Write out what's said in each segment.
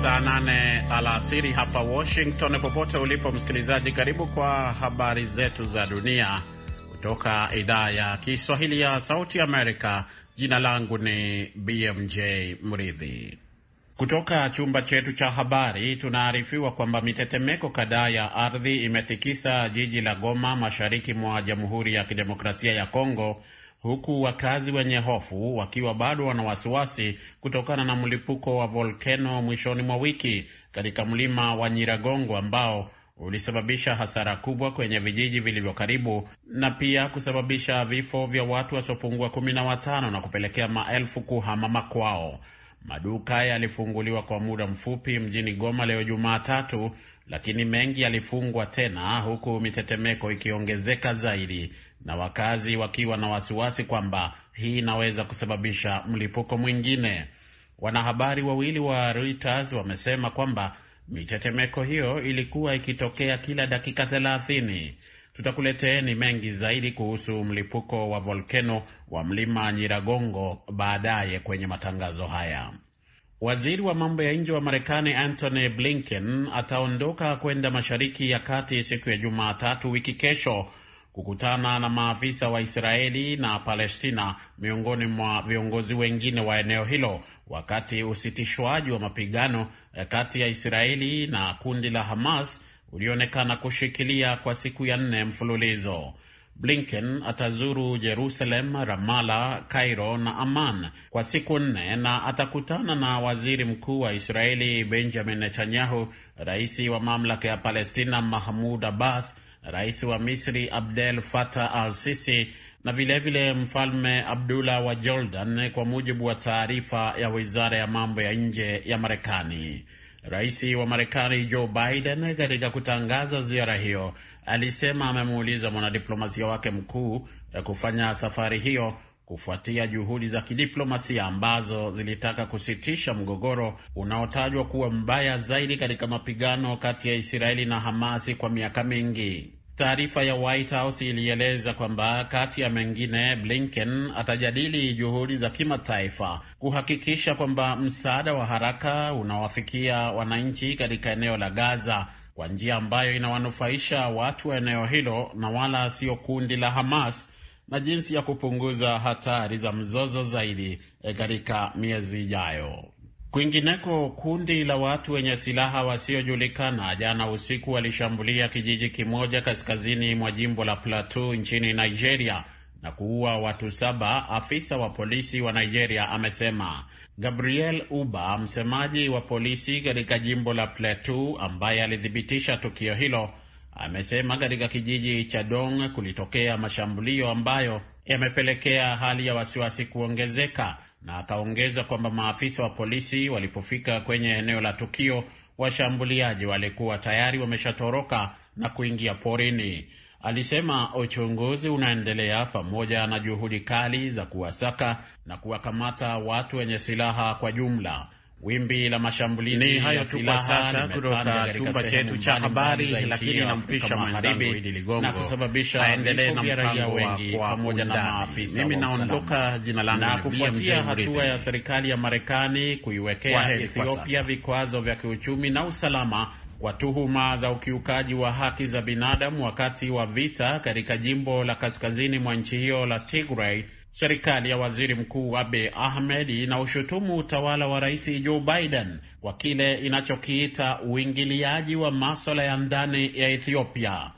saa nane alasiri hapa Washington. Popote ulipo msikilizaji, karibu kwa habari zetu za dunia kutoka idhaa ya Kiswahili ya Sauti Amerika. Jina langu ni BMJ Mridhi. Kutoka chumba chetu cha habari tunaarifiwa kwamba mitetemeko kadhaa ya ardhi imetikisa jiji la Goma mashariki mwa Jamhuri ya Kidemokrasia ya Kongo huku wakazi wenye hofu wakiwa bado wana wasiwasi kutokana na mlipuko wa volkeno mwishoni mwa wiki katika mlima wa Nyiragongo ambao ulisababisha hasara kubwa kwenye vijiji vilivyo karibu na pia kusababisha vifo vya watu wasiopungua kumi na watano na kupelekea maelfu kuhama makwao. Maduka yalifunguliwa kwa muda mfupi mjini Goma leo Jumatatu, lakini mengi yalifungwa tena huku mitetemeko ikiongezeka zaidi na wakazi wakiwa na wasiwasi kwamba hii inaweza kusababisha mlipuko mwingine. Wanahabari wawili wa Reuters wamesema kwamba mitetemeko hiyo ilikuwa ikitokea kila dakika thelathini. Tutakuleteeni mengi zaidi kuhusu mlipuko wa volkeno wa mlima Nyiragongo baadaye kwenye matangazo haya. Waziri wa mambo ya nje wa Marekani Antony Blinken ataondoka kwenda mashariki ya kati siku ya Jumatatu wiki kesho kukutana na maafisa wa Israeli na Palestina miongoni mwa viongozi wengine wa eneo hilo wakati usitishwaji wa mapigano eh, kati ya Israeli na kundi la Hamas ulionekana kushikilia kwa siku ya nne mfululizo. Blinken atazuru Jerusalem, Ramala, Cairo na aman kwa siku nne na atakutana na waziri mkuu wa Israeli Benjamin Netanyahu, rais wa mamlaka ya Palestina Mahmud Abbas rais wa Misri Abdel Fattah al Sisi na vilevile vile mfalme Abdullah wa Jordan, kwa mujibu wa taarifa ya wizara ya mambo ya nje ya Marekani. Rais wa Marekani Joe Biden katika kutangaza ziara hiyo alisema amemuuliza mwanadiplomasia wake mkuu ya eh, kufanya safari hiyo kufuatia juhudi za kidiplomasia ambazo zilitaka kusitisha mgogoro unaotajwa kuwa mbaya zaidi katika mapigano kati ya Israeli na Hamasi kwa miaka mingi. Taarifa ya White House ilieleza kwamba kati ya mengine, Blinken atajadili juhudi za kimataifa kuhakikisha kwamba msaada wa haraka unawafikia wananchi katika eneo la Gaza kwa njia ambayo inawanufaisha watu wa eneo hilo na wala sio kundi la Hamas na jinsi ya kupunguza hatari za mzozo zaidi eh, katika miezi ijayo. Kwingineko, kundi la watu wenye silaha wasiojulikana jana usiku walishambulia kijiji kimoja kaskazini mwa jimbo la Plateau nchini Nigeria na kuua watu saba, afisa wa polisi wa Nigeria amesema. Gabriel Uba, msemaji wa polisi katika jimbo la Plateau, ambaye alithibitisha tukio hilo amesema katika kijiji cha Dong kulitokea mashambulio ambayo yamepelekea hali ya wasiwasi kuongezeka, na akaongeza kwamba maafisa wa polisi walipofika kwenye eneo la tukio, washambuliaji walikuwa tayari wameshatoroka na kuingia porini. Alisema uchunguzi unaendelea pamoja na juhudi kali za kuwasaka na kuwakamata watu wenye silaha kwa jumla. Wimbi la mashambulizi ni hayo tu kwa sasa kutoka chumba chetu cha habari, lakini nampisha mwenzangu na kusababisha aendelee na mpango wengi pamoja na maafisa. Mimi naondoka, jina langu na kufuatia hatua ya serikali ya Marekani kuiwekea Ethiopia vikwazo vya kiuchumi na usalama kwa tuhuma za ukiukaji wa haki za binadamu wakati wa vita katika jimbo la kaskazini mwa nchi hiyo la Tigray. Serikali ya waziri mkuu Abe Ahmed inaushutumu utawala wa rais Joe Biden kwa kile inachokiita uingiliaji wa maswala ya ndani ya Ethiopia.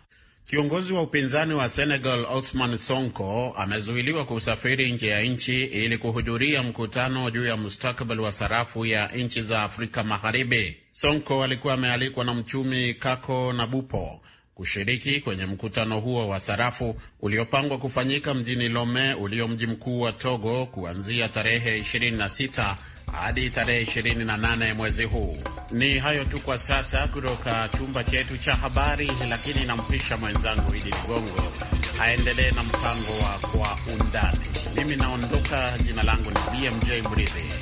Kiongozi wa upinzani wa Senegal osman Sonko amezuiliwa kusafiri nje ya nchi ili kuhudhuria mkutano juu ya mustakabali wa sarafu ya nchi za Afrika Magharibi. Sonko alikuwa amealikwa na mchumi Kako Nabupo kushiriki kwenye mkutano huo wa sarafu uliopangwa kufanyika mjini Lome ulio mji mkuu wa Togo kuanzia tarehe 26 hadi tarehe 28 mwezi huu. Ni hayo tu kwa sasa kutoka chumba chetu cha habari, lakini nampisha mwenzangu Idi Ligongo aendelee na mpango wa kwa undani. Mimi naondoka, jina langu ni BMJ Mridhi.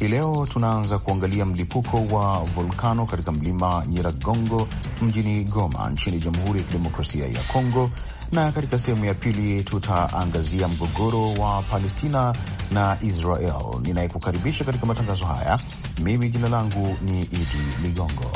Hii leo tunaanza kuangalia mlipuko wa volkano katika mlima Nyiragongo mjini Goma nchini Jamhuri ya Kidemokrasia ya Kongo, na katika sehemu ya pili tutaangazia mgogoro wa Palestina na Israel. Ninayekukaribisha katika matangazo haya mimi, jina langu ni Idi Ligongo.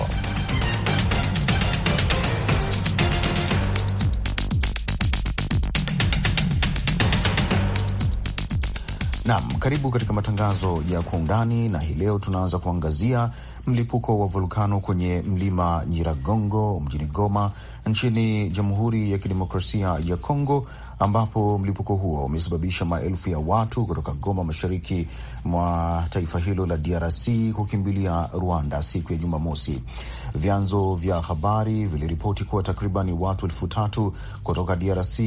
Naam, karibu katika matangazo ya kwa undani, na hii leo tunaanza kuangazia mlipuko wa volkano kwenye mlima Nyiragongo mjini Goma nchini Jamhuri ya Kidemokrasia ya Kongo ambapo mlipuko huo umesababisha maelfu ya watu kutoka Goma, mashariki mwa taifa hilo la DRC kukimbilia Rwanda siku ya Jumamosi. Vyanzo vya habari viliripoti kuwa takriban watu elfu tatu kutoka DRC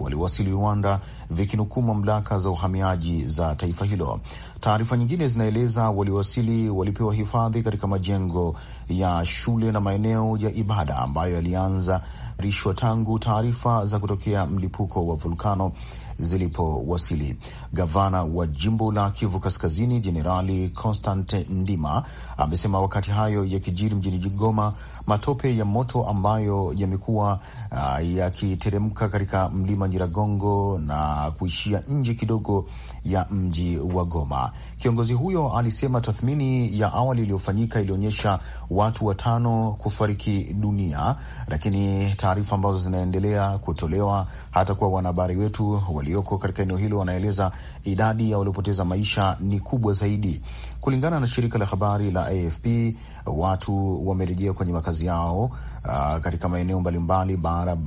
waliwasili Rwanda, vikinukuu mamlaka za uhamiaji za taifa hilo. Taarifa nyingine zinaeleza waliwasili walipewa hifadhi katika majengo ya shule na maeneo ya ibada ambayo yalianza rishwa tangu taarifa za kutokea mlipuko wa volkano zilipowasili. Gavana wa jimbo la Kivu Kaskazini Jenerali Constant Ndima amesema wakati hayo yakijiri mjini Jigoma, matope ya moto ambayo yamekuwa uh, yakiteremka katika mlima Nyiragongo na kuishia nje kidogo ya mji wa Goma. Kiongozi huyo alisema tathmini ya awali iliyofanyika ilionyesha watu watano kufariki dunia, lakini taarifa ambazo zinaendelea kutolewa hata kwa wanahabari wetu wali walioko katika eneo hilo wanaeleza idadi ya waliopoteza maisha ni kubwa zaidi. Kulingana na shirika la habari la AFP, watu wamerejea kwenye makazi yao Uh, katika maeneo mbalimbali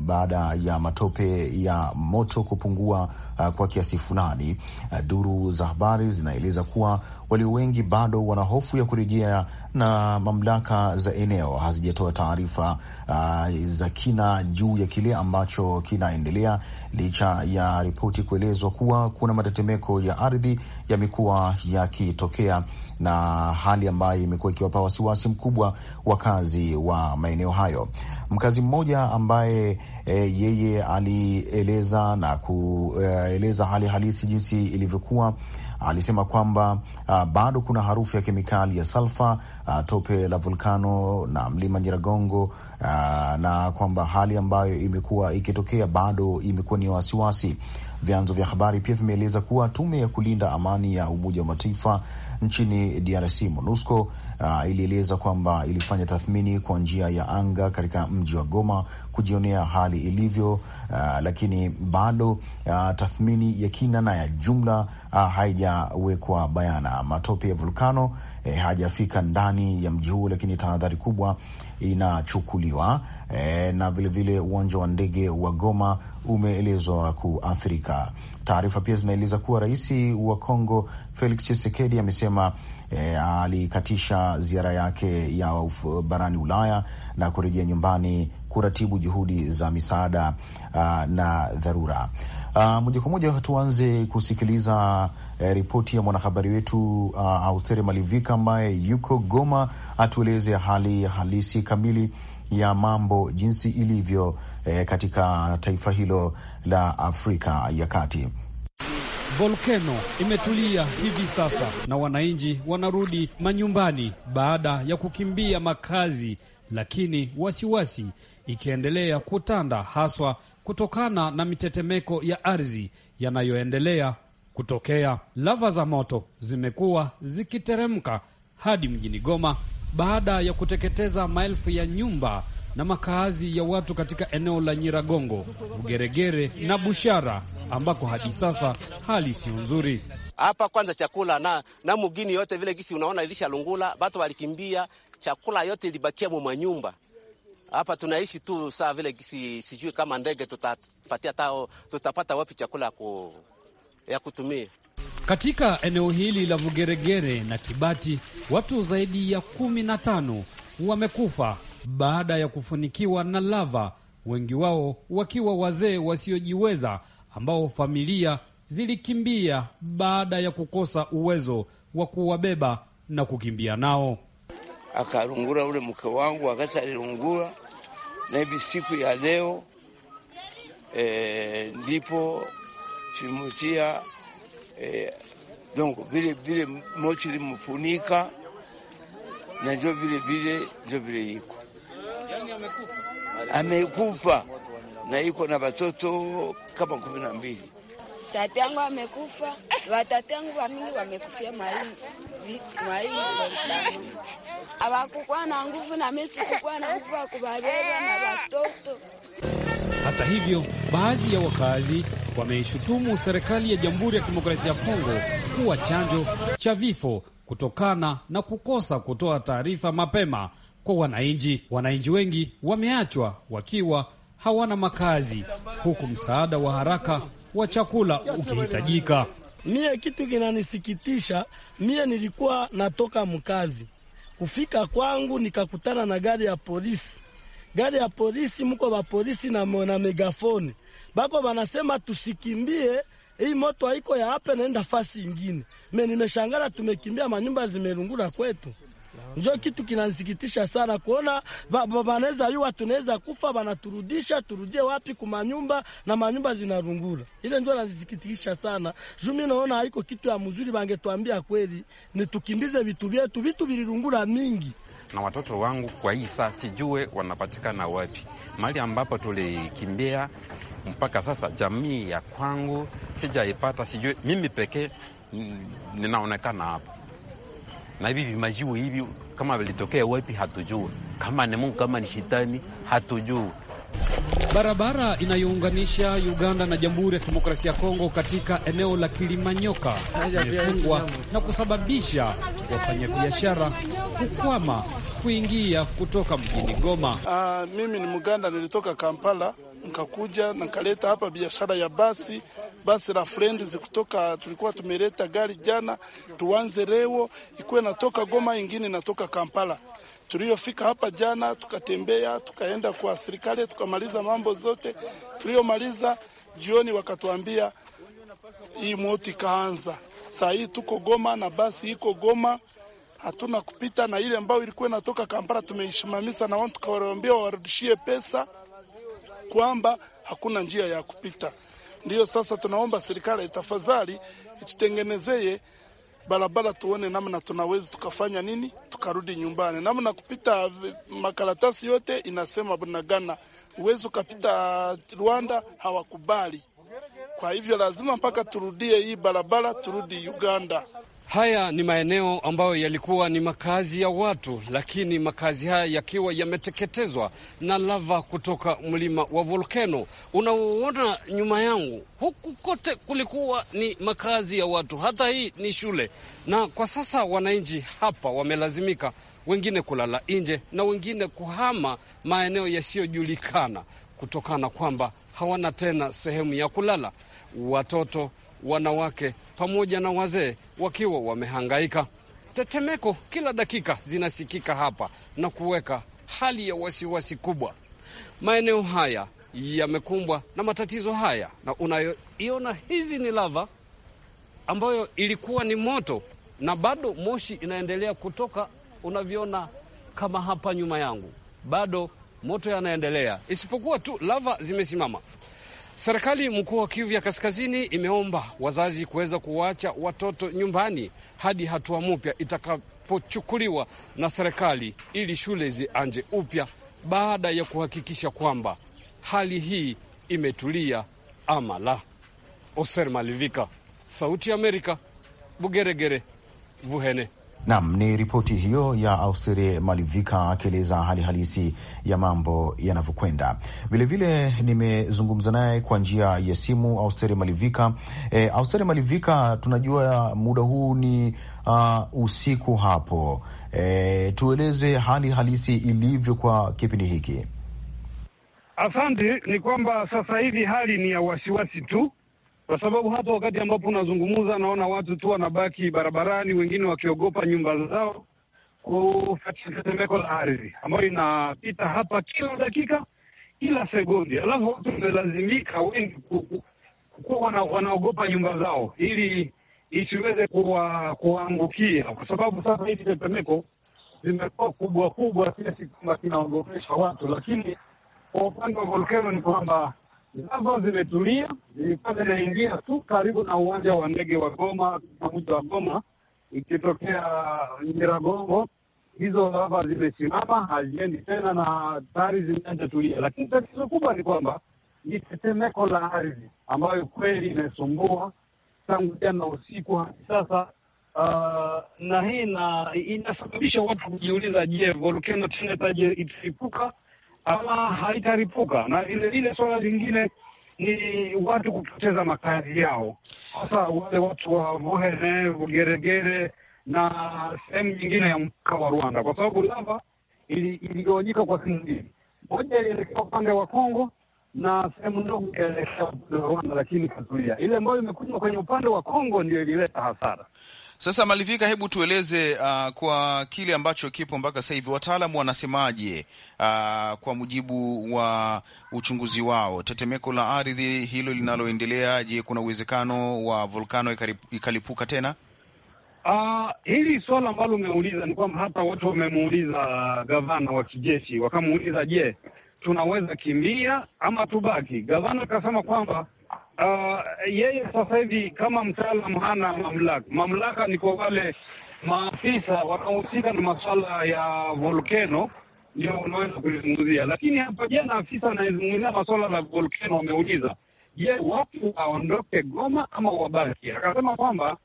baada ya matope ya moto kupungua uh, kwa kiasi fulani. Uh, duru za habari zinaeleza kuwa walio wengi bado wana hofu ya kurejea, na mamlaka za eneo hazijatoa taarifa uh, za kina juu ya kile ambacho kinaendelea, licha ya ripoti kuelezwa kuwa kuna matetemeko ya ardhi yamekuwa yakitokea na hali ambayo imekuwa ikiwapa wasiwasi mkubwa wakazi wa maeneo hayo. Mkazi mmoja ambaye e, yeye alieleza na kueleza hali halisi jinsi ilivyokuwa alisema kwamba uh, bado kuna harufu ya kemikali ya salfa uh, tope la volkano na mlima Nyiragongo uh, na kwamba hali ambayo imekuwa ikitokea bado imekuwa ni wasiwasi. Vyanzo vya habari pia vimeeleza kuwa tume ya kulinda amani ya Umoja wa Mataifa nchini DRC MONUSCO uh, ilieleza kwamba ilifanya tathmini kwa njia ya anga katika mji wa Goma kujionea hali ilivyo, uh, lakini bado uh, tathmini ya kina na ya jumla uh, haijawekwa bayana. Matope ya volkano eh, hajafika ndani ya mji huu, lakini tahadhari kubwa inachukuliwa eh, na vilevile uwanja wa ndege wa Goma umeelezwa kuathirika. Taarifa pia zinaeleza kuwa rais wa Kongo Felix Tshisekedi amesema E, alikatisha ziara yake ya barani Ulaya na kurejea nyumbani kuratibu juhudi za misaada uh, na dharura. Uh, moja kwa moja tuanze kusikiliza uh, ripoti ya mwanahabari wetu uh, Austere Malivika ambaye yuko Goma, atueleze hali halisi kamili ya mambo jinsi ilivyo uh, katika taifa hilo la Afrika ya Kati. Volkeno imetulia hivi sasa na wananchi wanarudi manyumbani baada ya kukimbia makazi, lakini wasiwasi wasi ikiendelea kutanda haswa kutokana na mitetemeko ya ardhi yanayoendelea kutokea. Lava za moto zimekuwa zikiteremka hadi mjini Goma baada ya kuteketeza maelfu ya nyumba na makaazi ya watu katika eneo la Nyiragongo, Ugeregere na Bushara ambako hadi sasa hali sio nzuri. Hapa kwanza chakula na, na mugini yote vile gisi unaona ilishalungula, batu walikimbia, chakula yote ilibakia mu manyumba hapa tunaishi tu saa vile si, sijui kama ndege tutapatia tao, tutapata wapi chakula ku, ya kutumia. Katika eneo hili la Vugeregere na Kibati watu zaidi ya kumi na tano wamekufa baada ya kufunikiwa na lava, wengi wao wakiwa wazee wasiojiweza ambao familia zilikimbia baada ya kukosa uwezo wa kuwabeba na kukimbia nao akalungura ule mke wangu, akati alilungura na hivi siku ya leo e, ndipo tulimutia e, dongo vile vile mochi limfunika na ndio vile vile ndio vile iko yaani amekufa na iko na watoto kama kumi na mbili. yangu amekufa, watata yangu wamingi wamekufia maii hawakukuwa na nguvu na mimi sikukuwa na nguvu ya kubabeba na watoto. Hata hivyo, baadhi ya wakazi wameishutumu serikali ya Jamhuri ya Kidemokrasia ya Kongo kuwa chanjo cha vifo kutokana na kukosa kutoa taarifa mapema kwa wananchi. Wananchi wengi wameachwa wakiwa hawana makazi, huku msaada wa haraka wa chakula ukihitajika. Mie kitu kinanisikitisha, mie nilikuwa natoka mkazi Kufika kwangu nikakutana na gari ya polisi, gari ya polisi, mko ba polisi na, na megafoni bako banasema tusikimbie, hii moto haiko ya hapa, naenda fasi ingine. Me nimeshangara, tumekimbia manyumba zimerungura kwetu. Njo kitu kinasikitisha sana kuona banaweza yuwa, tunaweza kufa, wanaturudisha turudie wapi? Kumanyumba na manyumba zinarungura. ile njo nanisikitisha sana juu mi naona haiko kitu ya mzuri. Bangetuambia kweli, ni tukimbize vitu vyetu, vitu vilirungura mingi na watoto wangu kwa hii saa sijue wanapatikana wapi, mali ambapo tulikimbia mpaka sasa. Jamii ya kwangu sijaipata, sijue mimi pekee mm, ninaonekana hapa na hivi vimajivu hivi kama vilitokea wapi hatujui, kama ni Mungu kama ni shetani hatujui. Barabara inayounganisha Uganda na Jamhuri ya Kidemokrasia ya Kongo katika eneo la Kilimanyoka imefungwa na kusababisha wafanyabiashara kukwama kuingia kutoka mjini Goma. Uh, mimi ni Muganda, nilitoka Kampala nkakuja nakaleta hapa biashara ya basi basi la friends kutoka, tulikuwa tumeleta gari jana, tuanze leo, ikuwe natoka Goma, ingine natoka Kampala. Tuliyofika hapa jana, tukatembea, tukaenda kwa serikali, tukamaliza mambo zote. Tuliyomaliza jioni, wakatuambia hii moti ikaanza. Saa hii tuko Goma na basi iko Goma, hatuna kupita na ile ambayo ilikuwa inatoka Kampala tumeishimamisa, na watu tukawaambia warudishie pesa kwamba hakuna njia ya kupita. Ndiyo sasa tunaomba serikali tafadhali itutengenezee barabara tuone namna tunaweza tukafanya nini tukarudi nyumbani. Namna kupita makaratasi yote inasema bunagana, uwezi ukapita Rwanda hawakubali. Kwa hivyo lazima mpaka turudie hii barabara, turudi Uganda. Haya ni maeneo ambayo yalikuwa ni makazi ya watu, lakini makazi haya yakiwa yameteketezwa na lava kutoka mlima wa volkeno unaoona nyuma yangu. Huku kote kulikuwa ni makazi ya watu, hata hii ni shule, na kwa sasa wananchi hapa wamelazimika wengine kulala nje na wengine kuhama maeneo yasiyojulikana, kutokana kwamba hawana tena sehemu ya kulala. Watoto, wanawake pamoja na wazee wakiwa wamehangaika. Tetemeko kila dakika zinasikika hapa na kuweka hali ya wasiwasi kubwa. Maeneo haya yamekumbwa na matatizo haya, na unayoiona hizi ni lava ambayo ilikuwa ni moto, na bado moshi inaendelea kutoka. Unavyoona kama hapa nyuma yangu, bado moto yanaendelea, isipokuwa tu lava zimesimama. Serikali mkuu wa Kivu ya Kaskazini imeomba wazazi kuweza kuwaacha watoto nyumbani hadi hatua mpya itakapochukuliwa na serikali ili shule zianje upya baada ya kuhakikisha kwamba hali hii imetulia ama la. Oser Malivika, Sauti ya Amerika, Bugeregere, Vuhene. Nam ni ripoti hiyo ya Austeri Malivika akieleza hali halisi ya mambo yanavyokwenda. Vilevile nimezungumza naye kwa njia ya simu Austeri Malivika. E, Austeri Malivika, tunajua muda huu ni uh, usiku hapo. E, tueleze hali halisi ilivyo kwa kipindi hiki. Asante. Ni kwamba sasa hivi hali ni ya wasiwasi tu kwa sababu hata wakati ambapo unazungumza, naona watu tu wanabaki barabarani, wengine wakiogopa nyumba zao kufuatia tetemeko la ardhi ambayo inapita hapa kila dakika, kila sekundi, alafu watu wamelazimika wengi kuwa wanaogopa nyumba zao ili isiweze kuwaangukia, kwa sababu sasa hivi tetemeko zimekuwa kubwa kubwa kiasi kwamba kinaogopesha watu, lakini kwa upande wa volkeno ni kwamba Zambo zimetulia, zilikuwa zinaingia tu karibu na uwanja wa ndege wa Goma, mji wa Goma, ikitokea Nyiragongo. Hizo lava zimesimama, haziendi tena na tayari zimeanza tulia, lakini tatizo kubwa ni kwamba ni tetemeko la ardhi ambayo kweli imesumbua tangu jana usiku hadi sasa. Uh, na hii inasababisha watu kujiuliza, je, volcano tena italipuka? ama haitaripuka. Na ile ile swala lingine ni watu kupoteza makazi yao, hasa wale watu wa Muhene, Bugeregere na sehemu nyingine ya mpaka wa Rwanda, kwa sababu lava iligawanyika kwa sehemu mbili, moja ilielekea upande wa Kongo na sehemu ndogo ikaelekea upande wa Rwanda, lakini katulia. Ile ambayo imekunywa kwenye upande wa Kongo ndio ilileta hasara. Sasa Malivika, hebu tueleze uh, kwa kile ambacho kipo mpaka sasa hivi wataalamu wanasemaje? Uh, kwa mujibu wa uchunguzi wao, tetemeko la ardhi hilo linaloendelea, je, kuna uwezekano wa volkano ikalipuka tena? Uh, hili swala ambalo umeuliza ni kwamba hata watu wamemuuliza uh, gavana wa kijeshi, wakamuuliza je, tunaweza kimbia ama tubaki? Gavana akasema kwamba Uh, yeye sasa hivi kama mtaalam hana mamlaka. Mamlaka ni kwa wale maafisa wanaohusika na masuala ya volkeno ndio wanaweza kulizungumzia, lakini hapa jana afisa anayezungumzia masuala la volkeno wameuliza, je, watu waondoke Goma ama wabaki? Akasema kwamba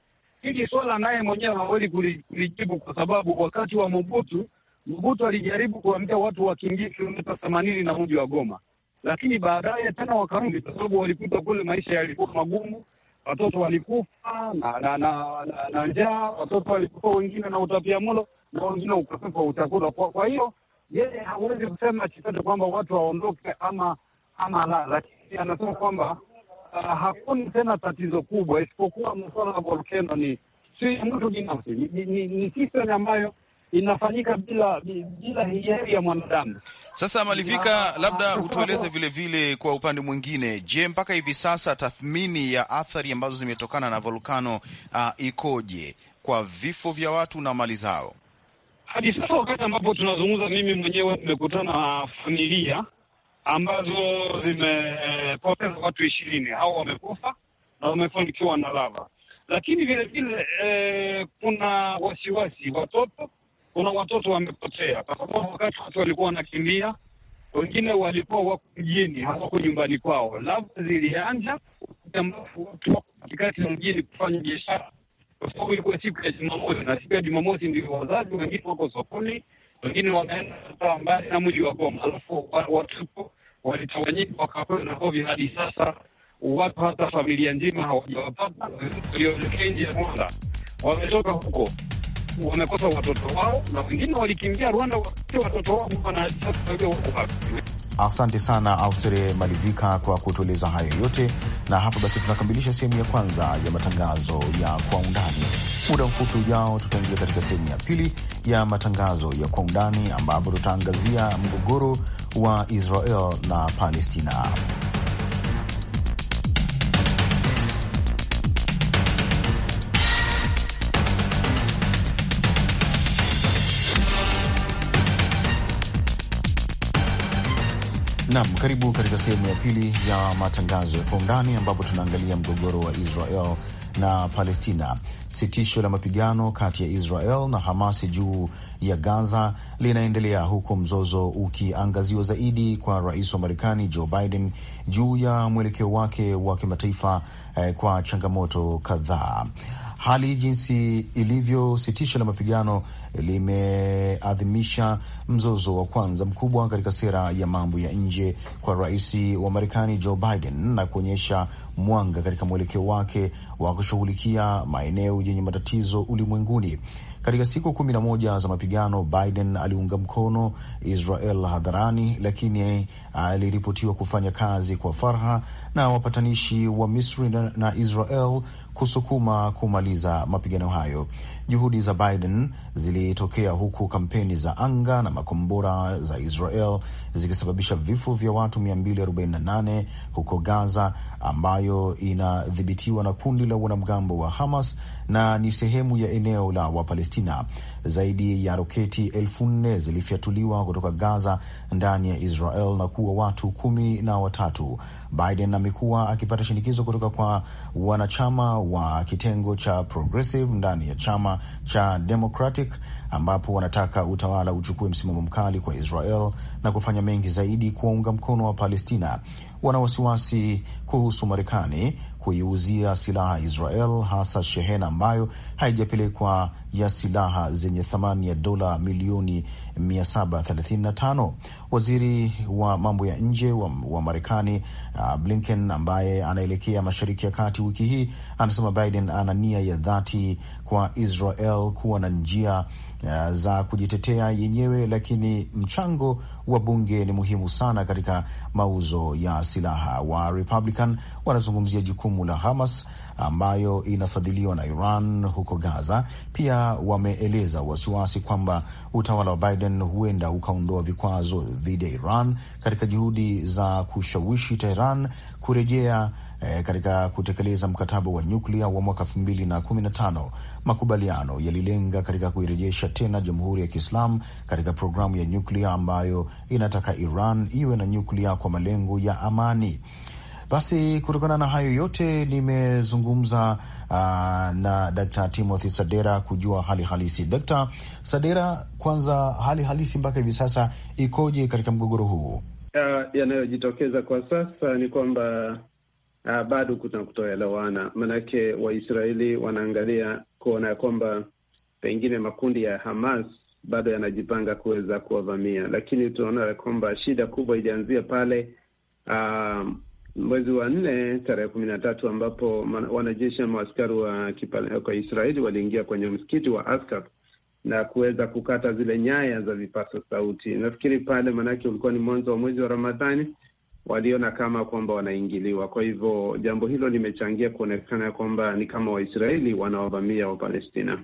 hili swala naye mwenyewe hawezi kulijibu kwa sababu wakati wa Mobutu, Mobutu alijaribu kuambia watu wakimbie kilomita themanini na mji wa Goma lakini baadaye tena wakarudi, kwa sababu walikuta kule maisha yalikuwa magumu, watoto walikufa na na, na, na, na njaa, watoto walikufa wengine na utapia mulo na wengine ukosefu wa utakula. Kwa hiyo yeye hawezi kusema chochote kwamba watu waondoke ama ama la, lakini anasema kwamba uh, hakuna tena tatizo kubwa isipokuwa masuala ya volcano ni si mtu binafsi, ni, ni, ni, ni ambayo inafanyika bila bila hiari ya mwanadamu. Sasa Malivika, labda utueleze vile vile kwa upande mwingine, je, mpaka hivi sasa tathmini ya athari ambazo zimetokana na volkano uh, ah, ikoje kwa vifo vya watu na mali zao? Hadi sasa wakati ambapo tunazungumza, mimi mwenyewe nimekutana na familia ambazo zimepoteza watu ishirini, hao wamekufa na wamefunikiwa na lava, lakini vilevile vile eh, kuna wasiwasi watoto kuna watoto wamepotea, kwa sababu wakati watu walikuwa wanakimbia, wengine walikuwa wako mjini, hawako nyumbani kwao. Labda zilianza ambapo watu wako katikati ya mjini kufanya biashara, kwa sababu ilikuwa siku ya Jumamosi, na siku ya Jumamosi ndio wazazi wengine wako sokoni, wengine wameenda hata mbali na mji wa Goma, alafu watoto walitawanyika wakapewa hovi, Hadi sasa watu hata familia nzima hawajawapata, waliolekea nje ya Rwanda wametoka huko wamekosa watoto wao na wengine walikimbia Rwanda watoto wao wanaa. Asante sana Austere Malivika kwa kutueleza hayo yote, na hapa basi tunakamilisha sehemu ya kwanza ya matangazo ya kwa undani. Muda mfupi ujao, tutaingia katika sehemu ya pili ya matangazo ya kwa undani, ambapo tutaangazia mgogoro wa Israel na Palestina. Nam, karibu katika sehemu ya pili ya matangazo ya kwa undani, ambapo tunaangalia mgogoro wa Israel na Palestina. Sitisho la mapigano kati ya Israel na Hamasi juu ya Gaza linaendelea huku mzozo ukiangaziwa zaidi kwa rais wa Marekani Joe Biden juu ya mwelekeo wake wa kimataifa eh, kwa changamoto kadhaa. Hali jinsi ilivyo, sitisho la mapigano limeadhimisha mzozo wa kwanza mkubwa katika sera ya mambo ya nje kwa rais wa Marekani Joe Biden na kuonyesha mwanga katika mwelekeo wake wa kushughulikia maeneo yenye matatizo ulimwenguni. Katika siku kumi na moja za mapigano, Biden aliunga mkono Israel hadharani, lakini aliripotiwa kufanya kazi kwa farha na wapatanishi wa Misri na Israel kusukuma kumaliza mapigano hayo. Juhudi za Biden zilitokea huku kampeni za anga na makombora za Israel zikisababisha vifo vya watu 248 huko Gaza ambayo inadhibitiwa na kundi kundi la wanamgambo wa Hamas na ni sehemu ya eneo la Wapalestina. Zaidi ya roketi elfu nne zilifyatuliwa kutoka Gaza ndani ya Israel na kuwa watu kumi na watatu. Biden amekuwa akipata shinikizo kutoka kwa wanachama wa kitengo cha progressive ndani ya chama cha Democratic ambapo wanataka utawala uchukue msimamo mkali kwa Israel na kufanya mengi zaidi kuwaunga mkono wa Palestina. Wana wasiwasi kuhusu Marekani kuiuzia silaha Israel, hasa shehena ambayo haijapelekwa ya silaha zenye thamani ya dola milioni 735. Waziri wa mambo ya nje wa, wa Marekani uh, Blinken ambaye anaelekea Mashariki ya Kati wiki hii anasema Biden ana nia ya dhati kwa Israel kuwa na njia za kujitetea yenyewe, lakini mchango wa bunge ni muhimu sana katika mauzo ya silaha. Wa Republican wanazungumzia jukumu la Hamas ambayo inafadhiliwa na Iran huko Gaza. Pia wameeleza wasiwasi kwamba utawala wa Biden huenda ukaondoa vikwazo dhidi ya Iran katika juhudi za kushawishi Teheran kurejea e, katika kutekeleza mkataba wa nyuklia wa mwaka elfu mbili na kumi na tano. Makubaliano yalilenga katika kuirejesha tena Jamhuri ya Kiislamu katika programu ya nyuklia ambayo inataka Iran iwe na nyuklia kwa malengo ya amani. Basi kutokana na hayo yote nimezungumza uh, na Dkt. Timothy Sadera kujua hali halisi. Dkt. Sadera, kwanza hali halisi mpaka hivi sasa ikoje katika mgogoro huu? Uh, yanayojitokeza kwa sasa ni kwamba uh, bado kuna kutoelewana, manake Waisraeli wanaangalia kuona ya kwamba pengine makundi ya Hamas bado yanajipanga kuweza kuwavamia, lakini tunaona ya kwamba shida kubwa ilianzia pale uh, mwezi wa nne tarehe kumi na tatu ambapo wanajeshi ama maaskari wa Israeli waliingia kwenye msikiti wa al na kuweza kukata zile nyaya za vipasa sauti. Nafikiri pale, maanake ulikuwa ni mwanzo wa mwezi wa Ramadhani, waliona kama kwamba wanaingiliwa. Kwa hivyo jambo hilo limechangia kuonekana kwamba ni kama Waisraeli wanawavamia Wapalestina.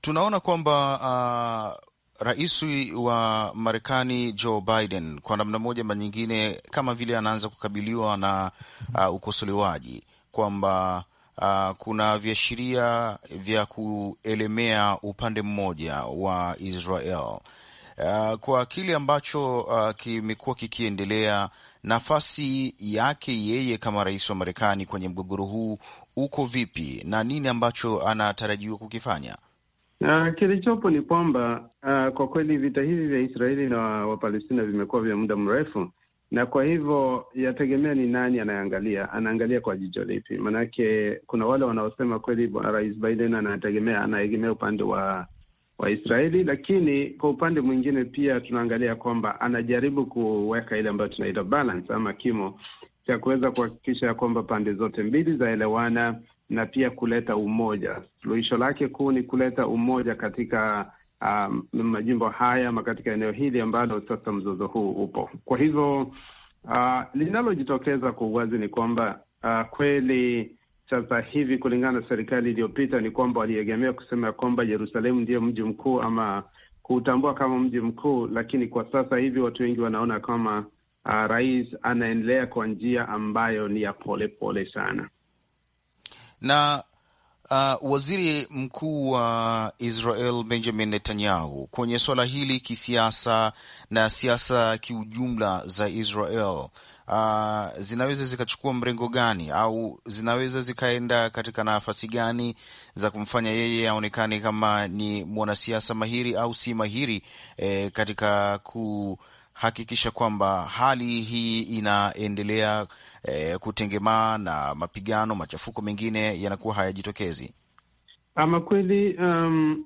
Tunaona kwamba uh... Rais wa Marekani Joe Biden kwa namna moja ma nyingine, kama vile anaanza kukabiliwa na uh, ukosolewaji kwamba uh, kuna viashiria vya kuelemea upande mmoja wa Israel uh, kwa kile ambacho uh, kimekuwa kikiendelea nafasi yake yeye kama rais wa Marekani kwenye mgogoro huu uko vipi na nini ambacho anatarajiwa kukifanya? Uh, kilichopo ni kwamba uh, kwa kweli vita hivi vya Israeli na Wapalestina vimekuwa vya muda mrefu, na kwa hivyo yategemea ni nani anayeangalia anaangalia kwa jicho lipi. Maanake kuna wale wanaosema kweli Rais Biden anategemea anaegemea upande wa Waisraeli, lakini kwa upande mwingine pia tunaangalia kwamba anajaribu kuweka ile ambayo tunaita balance ama kimo cha kuweza kuhakikisha kwamba pande zote mbili zaelewana na pia kuleta umoja. Suluhisho lake kuu ni kuleta umoja katika um, majimbo haya ama katika eneo hili ambalo sasa mzozo huu upo. Kwa hivyo uh, linalojitokeza kwa uwazi ni kwamba uh, kweli sasa hivi kulingana na serikali iliyopita ni kwamba waliegemea kusema ya kwamba Yerusalemu ndiyo mji mkuu ama kuutambua kama mji mkuu, lakini kwa sasa hivi watu wengi wanaona kama uh, rais anaendelea kwa njia ambayo ni ya polepole pole sana. Na uh, waziri mkuu wa uh, Israel Benjamin Netanyahu kwenye suala hili kisiasa na siasa kiujumla za Israel uh, zinaweza zikachukua mrengo gani au zinaweza zikaenda katika nafasi gani za kumfanya yeye aonekane kama ni mwanasiasa mahiri au si mahiri eh, katika kuhakikisha kwamba hali hii inaendelea eh, kutengemaa na mapigano, machafuko mengine yanakuwa hayajitokezi. Ama kweli um,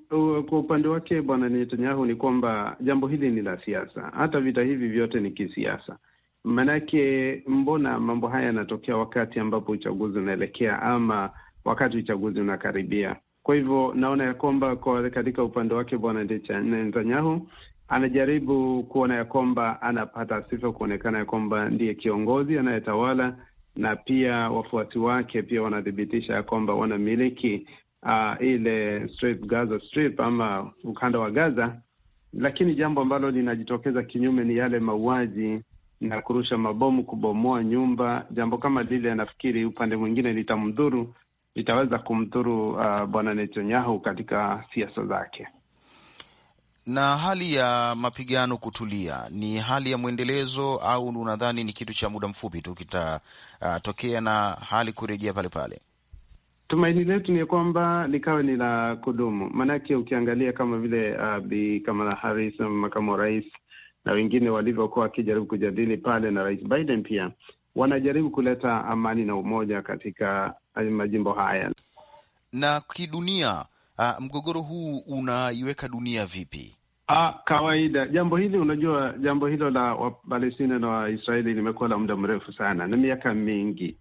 kwa upande wake Bwana Netanyahu ni kwamba jambo hili ni la siasa, hata vita hivi vyote ni kisiasa. Manake mbona mambo haya yanatokea wakati ambapo uchaguzi unaelekea ama wakati uchaguzi unakaribia? Kwa hivyo naona ya kwamba kwa katika upande wake bwana Netanyahu anajaribu kuona ya kwamba anapata sifa, kuonekana ya kwamba ndiye kiongozi anayetawala, na pia wafuasi wake pia wanathibitisha ya kwamba wanamiliki uh, ile Strip, Gaza Strip ama ukanda wa Gaza. Lakini jambo ambalo linajitokeza kinyume ni yale mauaji na kurusha mabomu kubomoa nyumba, jambo kama lile, nafikiri upande mwingine litamdhuru, litaweza kumdhuru uh, bwana Netanyahu katika siasa zake. Na hali ya mapigano kutulia ni hali ya mwendelezo au unadhani ni kitu cha muda mfupi tu kitatokea, uh, na hali kurejea pale pale? Tumaini letu ni kwamba likawe ni la kudumu, maanake ukiangalia kama vile uh, Bi Kamala Harris, makamu wa rais na wengine walivyokuwa wakijaribu kujadili pale na Rais Biden pia wanajaribu kuleta amani na umoja katika majimbo haya na kidunia. mgogoro huu unaiweka dunia vipi? A, kawaida jambo hili, unajua jambo hilo la Wapalestina na Waisraeli limekuwa la muda mrefu sana na miaka mingi,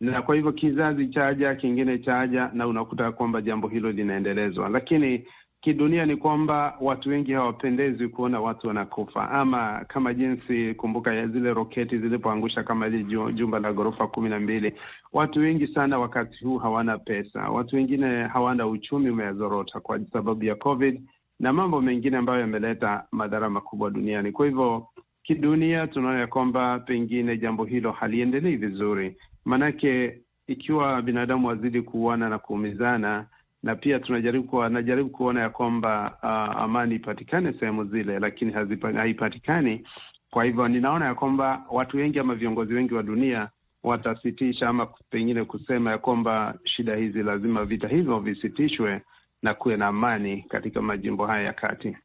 na kwa hivyo kizazi chaja kingine chaja, na unakuta kwamba jambo hilo linaendelezwa, lakini kidunia ni kwamba watu wengi hawapendezi kuona watu wanakufa, ama kama jinsi, kumbuka ya zile roketi zilipoangusha kama hili jumba la ghorofa kumi na mbili. Watu wengi sana wakati huu hawana pesa, watu wengine hawana, uchumi umezorota kwa sababu ya COVID na mambo mengine ambayo yameleta madhara makubwa duniani. Kwa hivyo, kidunia tunaona ya kwamba pengine jambo hilo haliendelei vizuri, maanake ikiwa binadamu wazidi kuuana na kuumizana na pia tunajaribu kuwa, najaribu kuona ya kwamba uh, amani ipatikane sehemu zile, lakini haipatikani. Kwa hivyo ninaona ya kwamba watu wengi ama viongozi wengi wa dunia watasitisha ama pengine kusema ya kwamba shida hizi lazima, vita hivyo visitishwe na kuwe na amani katika majimbo haya ya kati.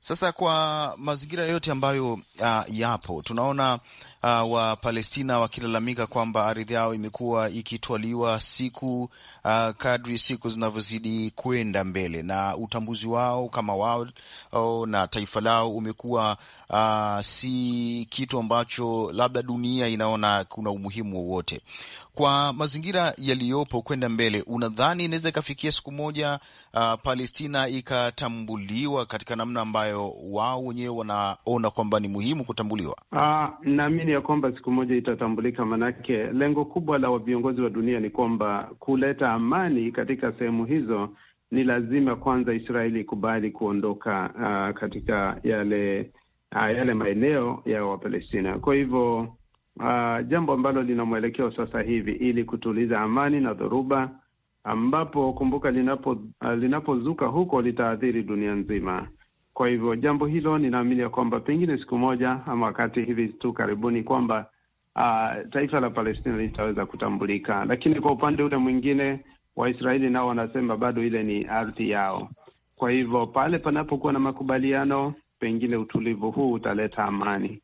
Sasa kwa mazingira yote ambayo uh, yapo tunaona uh, wa Palestina wakilalamika kwamba ardhi yao imekuwa ikitwaliwa siku uh, kadri siku zinavyozidi kwenda mbele, na utambuzi wao kama wao oh, na taifa lao umekuwa uh, si kitu ambacho labda dunia inaona kuna umuhimu wowote kwa mazingira yaliyopo kwenda mbele, unadhani inaweza ikafikia siku moja uh, Palestina ikatambuliwa katika namna ambayo wao wenyewe wanaona kwamba ni muhimu kutambuliwa? Uh, tumaini ya kwamba siku moja itatambulika, manake lengo kubwa la viongozi wa dunia ni kwamba kuleta amani katika sehemu hizo ni lazima kwanza Israeli ikubali kuondoka uh, katika yale uh, yale maeneo ya Wapalestina. Kwa hivyo uh, jambo ambalo lina mwelekeo sasa hivi ili kutuliza amani na dhoruba ambapo kumbuka, linapo uh, linapozuka huko litaathiri dunia nzima. Kwa hivyo jambo hilo ninaamini ya kwamba pengine siku moja ama wakati hivi tu karibuni kwamba uh, taifa la Palestina litaweza kutambulika, lakini kwa upande ule mwingine Waisraeli nao wanasema bado ile ni ardhi yao. Kwa hivyo pale panapokuwa na makubaliano, pengine utulivu huu utaleta amani.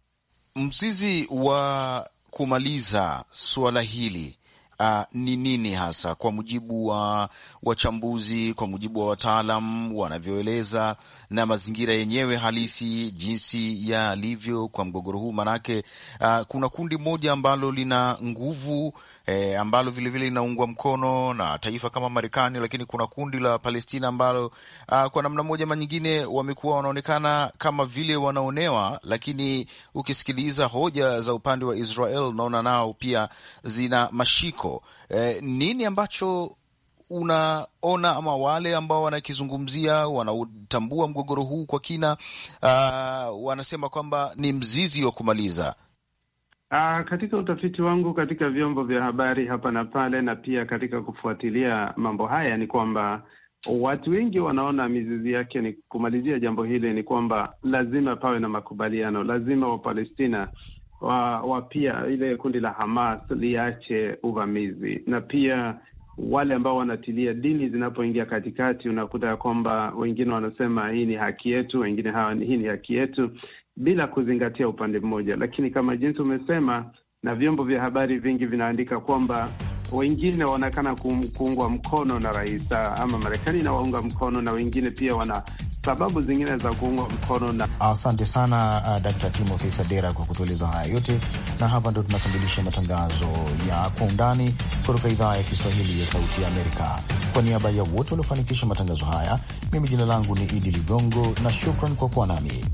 Mzizi wa kumaliza suala hili Ah, ni nini hasa, kwa mujibu wa wachambuzi, kwa mujibu wa wataalam wanavyoeleza, na mazingira yenyewe halisi jinsi yalivyo kwa mgogoro huu? Maanake uh, ah, kuna kundi moja ambalo lina nguvu e, ambalo vilevile linaungwa mkono na taifa kama Marekani, lakini kuna kundi la Palestina ambalo a, kwa namna moja ama nyingine wamekuwa wanaonekana kama vile wanaonewa, lakini ukisikiliza hoja za upande wa Israel unaona nao pia zina mashiko. E, nini ambacho unaona ama wale ambao wanakizungumzia wanautambua mgogoro huu kwa kina, uh, wanasema kwamba ni mzizi wa kumaliza Uh, katika utafiti wangu katika vyombo vya habari hapa na pale na pia katika kufuatilia mambo haya ni kwamba watu wengi wanaona mizizi yake ni kumalizia jambo hili ni kwamba lazima pawe na makubaliano, lazima Wapalestina wa, wa pia ile kundi la Hamas liache uvamizi, na pia wale ambao wanatilia dini zinapoingia katikati, unakuta ya kwamba wengine wanasema hii ni haki yetu, wengine hawa hii ni haki yetu bila kuzingatia upande mmoja, lakini kama jinsi umesema, na vyombo vya habari vingi vinaandika kwamba wengine wanaonekana kuungwa mkono na rais ah, ama Marekani inawaunga mkono na wengine pia wana sababu zingine za kuungwa mkono na. Asante sana uh, ah, Dkt. Timothy Sadera kwa kutueleza haya yote, na hapa ndo tunakamilisha matangazo ya kwa undani kutoka idhaa ya Kiswahili ya Sauti ya Amerika. Kwa niaba ya wote waliofanikisha matangazo haya, mimi jina langu ni Idi Ligongo na shukran kwa kuwa nami.